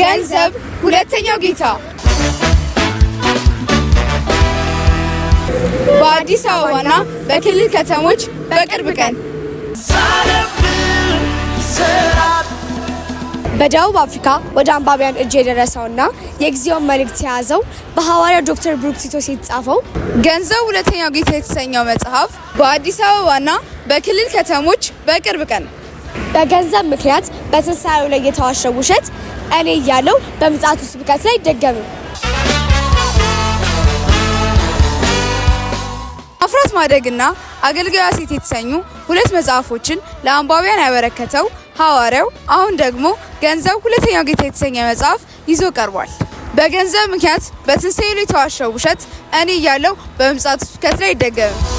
ገንዘብ ሁለተኛው ጌታ በአዲስ አበባና በክልል ከተሞች በቅርብ ቀን በደቡብ አፍሪካ ወደ አንባቢያን እጅ የደረሰውና የጊዜውን መልእክት የያዘው በሐዋርያው ዶክተር ብሩክ ቲቶስ የተጻፈው ገንዘብ ሁለተኛው ጌታ የተሰኘው መጽሐፍ በአዲስ አበባና በክልል ከተሞች በቅርብ ቀን በገንዘብ ምክንያት በትንሳኤው ላይ የተዋሸው ውሸት እኔ እያለው በምጽአቱ ስብከት ላይ ደገም አፍራት ማደግና አገልጋዩ ሴት የተሰኙ ሁለት መጽሐፎችን ለአንባቢያን ያበረከተው ሐዋርያው አሁን ደግሞ ገንዘብ ሁለተኛው ጌታ የተሰኘ መጽሐፍ ይዞ ቀርቧል። በገንዘብ ምክንያት በትንሳኤው ላይ የተዋሸው ውሸት እኔ እያለው በምጽአቱ ስብከት ላይ ይደገምም።